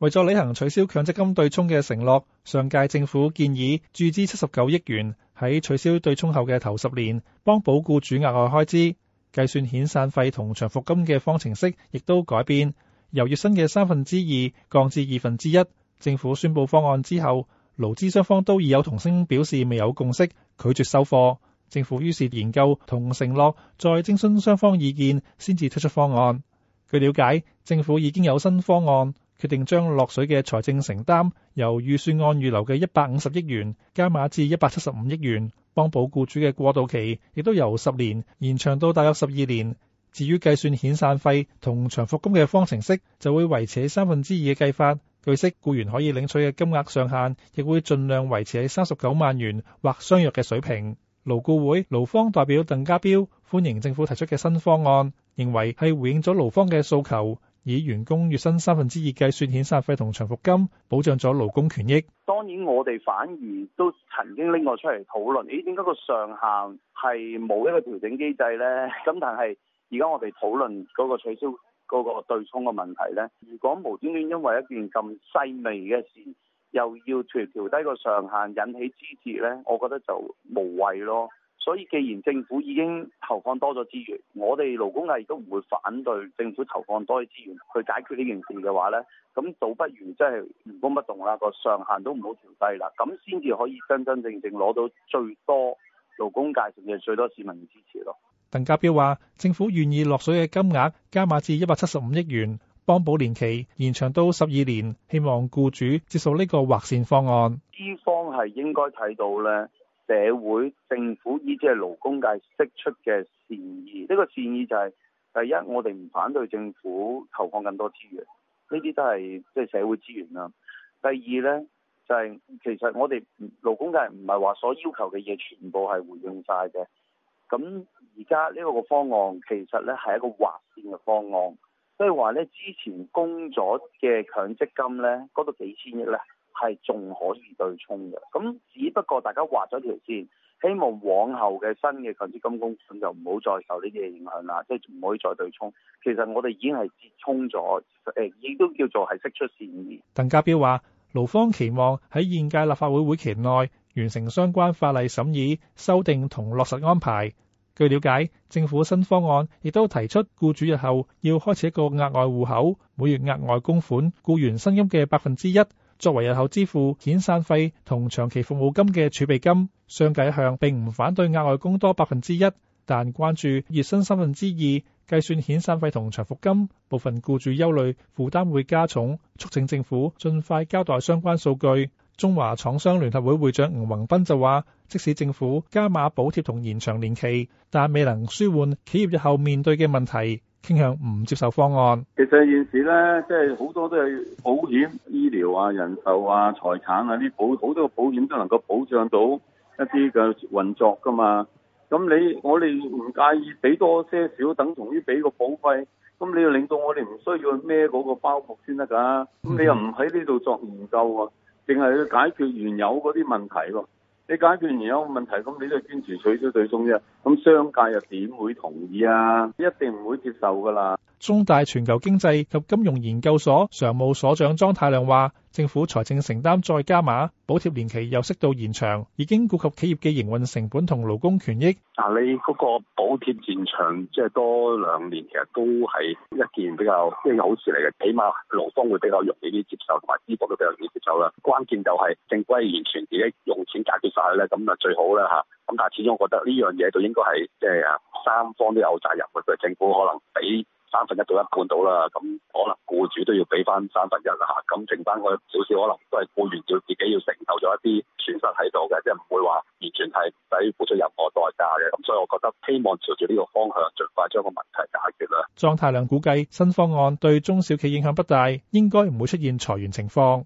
為咗履行取消強積金對沖嘅承諾，上屆政府建議注資七十九億元喺取消對沖後嘅頭十年幫補僱主額外開支。計算遣散費同長服金嘅方程式亦都改變，由月薪嘅三分之二降至二分之一。政府宣佈方案之後，勞資雙方都異口同聲，表示未有共識，拒絕收貨。政府於是研究同承諾，再徵詢雙方意見，先至推出方案。據了解，政府已經有新方案。決定將落水嘅財政承擔由預算案預留嘅一百五十億元加碼至一百七十五億元，幫補僱主嘅過渡期，亦都由十年延長到大約十二年。至於計算遣散費同長服金嘅方程式，就會維持喺三分之二嘅計法。據悉，僱員可以領取嘅金額上限，亦會盡量維持喺三十九萬元或相若嘅水平。勞顧會勞方代表鄧家彪歡迎政府提出嘅新方案，認為係回應咗勞方嘅訴求。以員工月薪三分之二計算遣散費同長服金，保障咗勞工權益。當然我哋反而都曾經拎我出嚟討論，咦？點解個上限係冇一個調整機制呢？咁但係而家我哋討論嗰個取消嗰個對沖嘅問題呢。如果無端端因為一件咁細微嘅事，又要調調低個上限，引起支持呢，我覺得就無謂咯。所以，既然政府已經投放多咗資源，我哋勞工界亦都唔會反對政府投放多啲資源去解決呢件事嘅話咧，咁倒不如真係原封不動啦，個上限都唔好調低啦，咁先至可以真真正正攞到最多勞工界甚至最多市民嘅支持咯。鄧家彪話：政府願意落水嘅金額加碼至一百七十五億元，幫補年期延長到十二年，希望僱主接受呢個劃線方案。呢方係應該睇到咧。社會政府以至係勞工界釋出嘅善意，呢、呢個善意就係、是、第一，我哋唔反對政府投放更多資源，呢啲都係即係社會資源啦。第二呢，就係、是、其實我哋勞工界唔係話所要求嘅嘢全部係回應晒嘅。咁而家呢一個方案其實呢係一個劃線嘅方案，所以話呢之前供咗嘅強積金呢，嗰度幾千億呢。係仲可以對沖嘅，咁只不過大家劃咗條線，希望往後嘅新嘅強積金供款就唔好再受呢啲嘢影響啦，即係唔可以再對沖。其實我哋已經係接沖咗，誒，亦都叫做係釋出善意。鄧家彪話：勞方期望喺現屆立法會會期內完成相關法例審議、修訂同落實安排。據了解，政府新方案亦都提出，僱主日後要開始一個額外戶口，每月額外供款，僱員薪金嘅百分之一。作為日後支付遣散費同長期服務金嘅儲備金，商界一向並唔反對額外供多百分之一，但關注月薪三分之二計算遣散費同長服金，部分僱主憂慮負擔會加重，促請政府盡快交代相關數據。中華廠商聯合會會長吳宏斌就話：即使政府加碼補貼同延長年期，但未能舒緩企業日後面對嘅問題。傾向唔接受方案。其實現時咧，即係好多都係保險、醫療啊、人壽啊、財產啊啲保好多保險都能夠保障到一啲嘅運作噶嘛。咁你我哋唔介意俾多些少，等同於俾個保費。咁你要令到我哋唔需要孭嗰個包袱先得噶。咁、嗯、哼你又唔喺呢度作研究啊？淨係要解決原有嗰啲問題喎、啊。你解決完有個問題，咁你都係堅持取消對沖啫，咁商界又點會同意啊？一定唔會接受噶啦。中大全球經濟及金融研究所常務所長莊太亮話。政府財政承擔再加碼，補貼年期又適度延長，已經顧及企業嘅營運成本同勞工權益。嗱，你嗰個補貼延長即係多兩年，其實都係一件比較即係好事嚟嘅。起碼勞方會比較容易啲接受，同埋資方都比較容易接受啦。關鍵就係政府係完全自己用錢解決晒。咧，咁啊最好啦嚇。咁但係始終我覺得呢樣嘢就應該係即係啊三方都有責任嘅，佢政府可能俾。三分一到一半到啦，咁可能僱主都要俾翻三分一啦，吓，咁剩翻嗰少少，可能都係僱員要自己要承受咗一啲損失喺度嘅，即係唔會話完全係唔使付出任何代價嘅。咁所以我覺得希望朝住呢個方向，盡快將個問題解決啦。莊太量估計新方案對中小企影響不大，應該唔會出現裁員情況。